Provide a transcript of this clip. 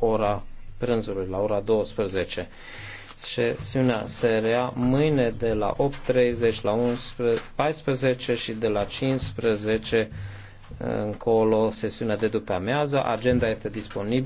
ora prânzului, la ora 12. Sesiunea se rea mâine de la 8.30 la 11, 14 și de la 15 încolo sesiunea de după amiază. Agenda este disponibilă.